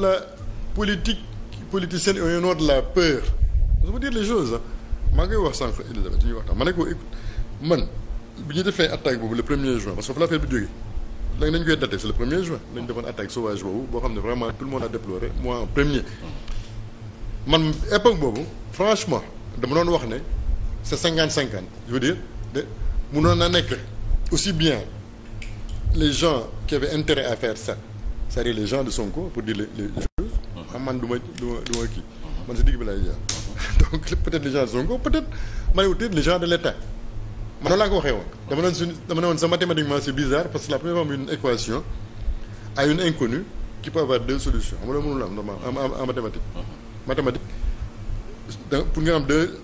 de la politique politicienne et au de la peur je veux dire les choses maa ngi koy wax sànq Elisabeth ñuy waxtaan ma ne ko écoute man bi ñu defee attaque boobu le premier juin parce que fa l'affaire bi jógee léegi dañ koy daté c'est le premier juin lañ defoon attaque sauvage boobu boo xam ne vraiment tout le monde a mois moi en premier man époque boobu franchement dama doon wax ne c'est cinquante cinquante je veux dire de mënoon na nekk aussi bien les gens qui avaient intérêt à cest dire les gens de Sonko pour dire les, les uh-huh. ah, man du ma du kii. Uh-huh. de Sonko peut-être ma ne peut-être les gens de l'État man noonu laa ko waxee woon. dama doon suñu dama ne woon sa mathématiquement c'est bizarre parce que la première fois une équation à une inconnue qui peut avoir deux solutions xam nga loolu mënul am normal en mathématique. Uh-huh. mathématique donc pour nga am deux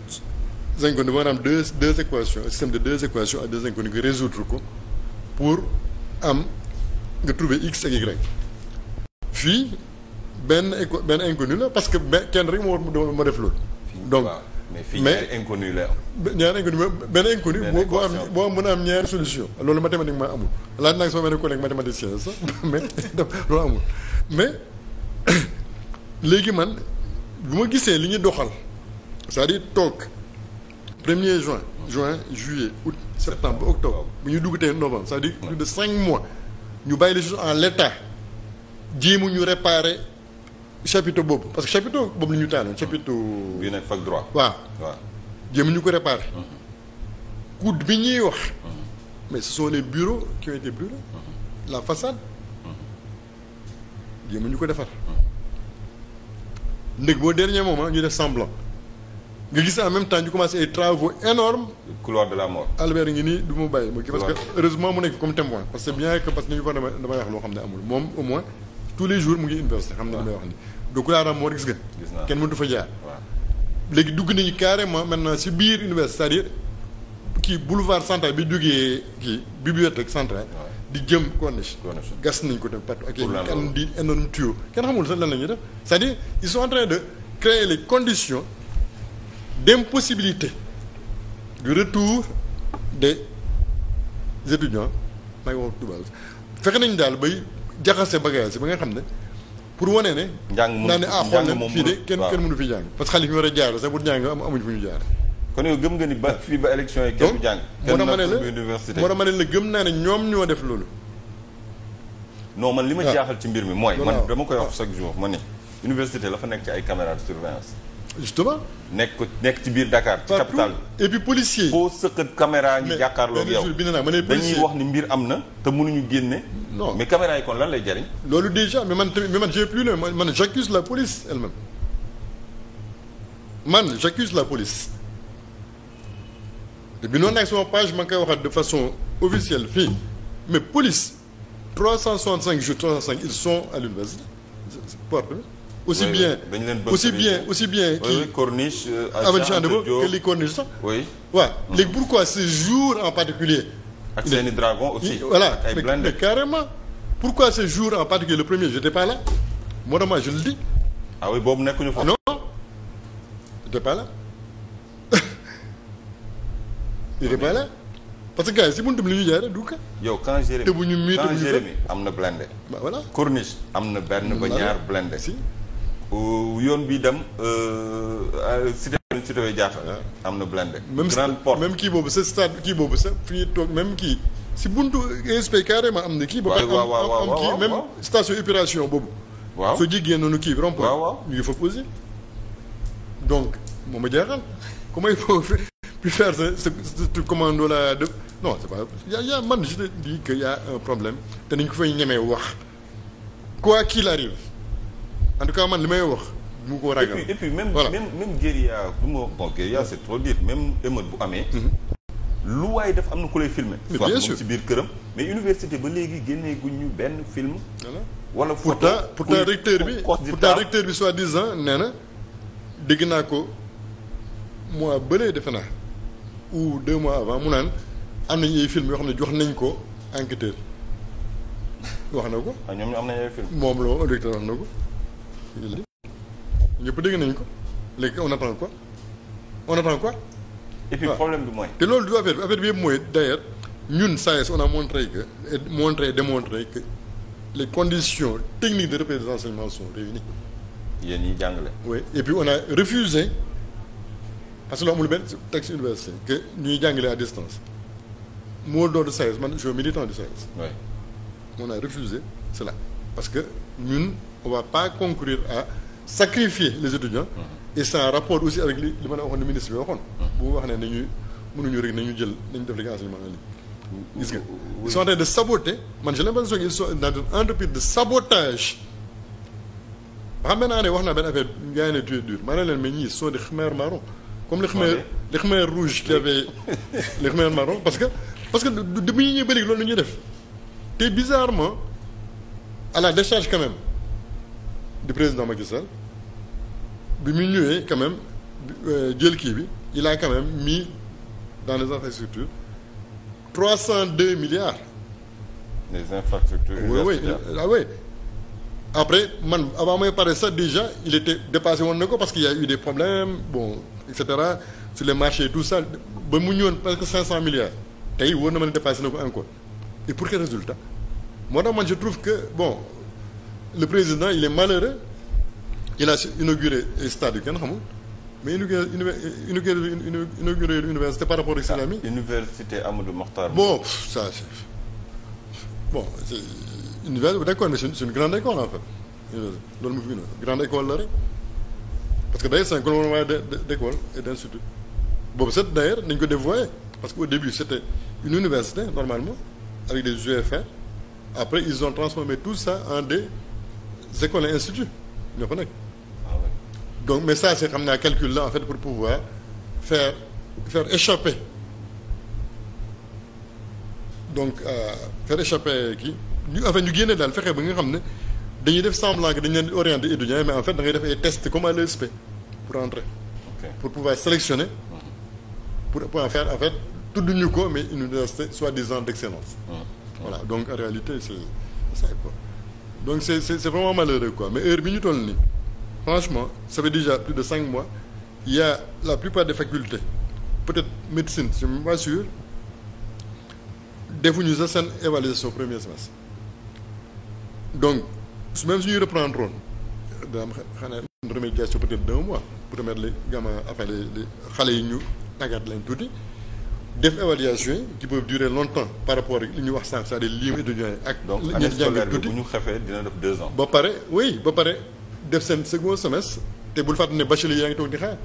inconnues war am deux deux équations un système de deux équations à deux inconnues nga résoudre ko pour am nga trouver fii benn benn inconnu la parce que kenn rek moo war ma def loolu. donc mais fii ñaari inconnu lay am. ñaari inconnu benn inconnu boo boo am boo mën a am ñaari solution loolu mathématiquement amul laaj naa sama benn collègue mathématicien sax mais loolu amul mais léegi man bu ma gisee li ñu doxal c'est-à-dire toog premier juin juin juillet août septembre octobre bu ñu dugg tey novembre cest dire plus de cinq mois ñu bàyyi les choses en l'état jéemu ñu réparer chapiteau boobu parce que chapiteau boobu lu ñu taaloon chapiteau. bii nekk droit. waaw waaw jéemu ñu ko réparer. Mhm. coude bi ñuy wax. Mhm. mais ce sont les bureaux qui mhm. la façade. jéemu ko defar. ndég boo dernier moment ñu def semblant. nga gis en même temps ñu commencé ay travaux énormes Albert ngi nii du ma bàyyi. parce que heureusement mu nekk comme témoin parce que bien que parce que ñu fa damay wax loo xam ne amul moom au moins. tous les jours mu ngi université xam ne li may wax ni donc daanaka moo gis nga. kenn mënut fa jaar. léegi dugg nañu carrément maintenant si biir université c'est-à-dire kii boulevard central bi jógee kii bibliothèque centrale. di jëm corniche. gas nañ ko tamit partout ak yéen kan di énorme tuyau kenn xamul sax lan la ñuy def cest dire ils sont en de créer les conditions d'impossibilité du retour des étudiants may wax tubaab fexe nañ daal bay. jaxase bagage ba nga xam ne pour wane ne. njàng mënul naa ne ah fii de kenn kenn mënu fi jàng. parce que xale yi war a jaar sax pour jàng am amuñ fu ñu jaar. kon yow gëm nga ni ba fii ba élection yi kenn du jàng. kenn na université moo tax ma ne la gëm naa ne ñoom ñoo def loolu. noo man li ma ah. jaaxal ci mbir mi mooy. man dama koy wax ah. chaque jour ma ne. université la fa nekk ci ay caméras de surveillance. justement nekk ko nekk ci biir Dakar. ci capitale et puis policier. foo sëqat caméra ñu jàkkaarloog yow dañuy wax ni mbir am na te mënuñu génne. non mais caméra yi kon lan lay jariñ. loolu déjà mais man tamit mais man j'ai plus le man man j'accuse la police elle-même man j'accuse la police. te bi noonu nag sama page ma koy waxaat de façon officielle fii mais police 365 jours 365 ils sont à l'université porte aussi oui, bien oui. aussi bien aussi bien kii corniche avenue Cheikh Anta Diop que li corniche sax oui waaw mm. léegi pourquoi ce jour en particulier ak seeni dragon aussi voilà mais, mais carrément pourquoi jour en particulier le premier j'étais pas là moo dama je le ah oui boobu nekkuñu fa non j'étais pas là j'étais pas là parce que gars yi si buntu bi li ñu jaay rek du ko. yow quand Jérémy te bu ñu miite bu ñu am na blindé. voilà corniche am na benn ba ñaar si. yoon bi dem euh, cité cité am na blindé. grande porte même kii boobu sa stade kii boobu sa fi toog même kii si buntu ESP carrément am na kii. waaw waaw am kii station épuration boobu. waaw soo jigéen noonu kii bi rond fa posé. donc moom a jaaxal comment il faut faire ce ce ce commando là de non c'est pas y a y a man je te dis que y un problème te nañ ko fay ñemee wax quoi qu'il arrive. en tout cas man li may wax mu ko ragal et puis même voilà. même même guérilla du c'est trop dire même émeute bu amee mhm. lu waaye def am na ku lay filmer soit moom si biir këram mais université ba léegi génnee ñu benn film wala photo pourtant recteur bi pourtant recteur bi soi-disant nee na dégg naa ko mois bëlee defe naa ou deux mois avant mu naan am nañu ay film yoo xam ne jox nañ ko enquêteur wax na ko ah, ñoom ñu am nañ ay moom la recteur wax na ko lii ñëpp dégg nañ ko léegi on apprend ko on apprend ko et puis ah. problème bi mooy. te loolu du affaire bi affaire bi yëpp mooy d'ailleurs ñun SAES e on a montré que et montré démontré que les conditions techniques de reprise des enseignements sont réunies. yéen ñiy jàngale. oui et on a refusé parce que loo amul benn texte université que ñuy jàngale à distance moo doon SAES e man je suis militant du SAES. oui a refusé cela parce que on va pas conclure à sacrifier les étudiants mm-hmm. et ça rapport aussi avec li li ma la waxoon ne ministre bi waxoon bu mu wax ne ñu mënuñu rek nañu jël nañu def li nga enseignement en ligne gis nga ils sont en de saboter man j'ai l'impression qu'ils sont dans entreprise de sabotage xam nga naa ne wax naa benn affaire gars yi ne tu es leen mais ñii sont des Khmers marrons comme les Khmers les Khmers rouges qui avaient les Khmers marrons parce que parce que du bu ñu ñuy bëri loolu la ñuy def te bizarrement à la décharge quand du président Macky Sall bi mu ñëwee quand même euh, jël kii bi il a mi même mis dans les infrastructures trois cent deux milliards. les infrastructures. oui oui euh, ah oui. après man avant may pare sax déjà il était dépassé woon na ko parce y a eu des problèmes bon et cetera sur les marchés tout ça ba mu ñëwoon presque cinq cent milliards tey wóor na ma ne dépassé na ko encore et pour quel résultat moo tax man je trouve que bon. le président il est malheureux il a inauguré stade yu kenn xamul mais inauguré inauguré inauguré université par rapport ak islami ah, université Amadou Mokhtar. bon ça c'est bon c'est université d'accord mais c'est une grande école en fait loolu mu grande école la rek parce que d'ailleurs c'est un gouvernement d'école et d'institut boobu c'est d'ailleurs nañ ko dévoyé parce que au début c'était une université normalement avec des UFR après ils des Zekone institut ñoo ko nekk. donc mais ça c'est xam naa calcul là en fait pour pouvoir faire faire échapper donc euh, faire échapper kii ñu en fait ñu génne daal fexe ba nga xam ne dañu def semblant que dañu leen di orienter étudiants mais en fait da ngay def ay tests comme à l'ESP pour entrer. Okay. pour pouvoir sélectionner. Mm-hmm. pour pour en faire en fait tudd ko mais une université soi-disant d'excellence. Mm. voilà donc en réalité c'est ça quoi. donc c'est c'est vraiment malheureux quoi mais heure bi ñu toll nii franchement ça fait déjà plus de cinq mois il y la plupart des facultés peut-être médecine je suis pas sûr defuñu sa seen évaluation premier semestre donc su même suñuy reprendre woon dana am xanaa remédiation peut-être d'un mois pour remettre les gamins enfin les xale yi ñu tàggat leen tuuti def évaluation yi qui peuvent durer longtemps par rapport ak li ñuy wax sànq c'est-à-dire lii ak donc année scolaire bi bu ñu xefee dina def deux ans ba pare oui ba pare def seen second semestre te bul fàttali ne bachelier yaa ngi toog di xaar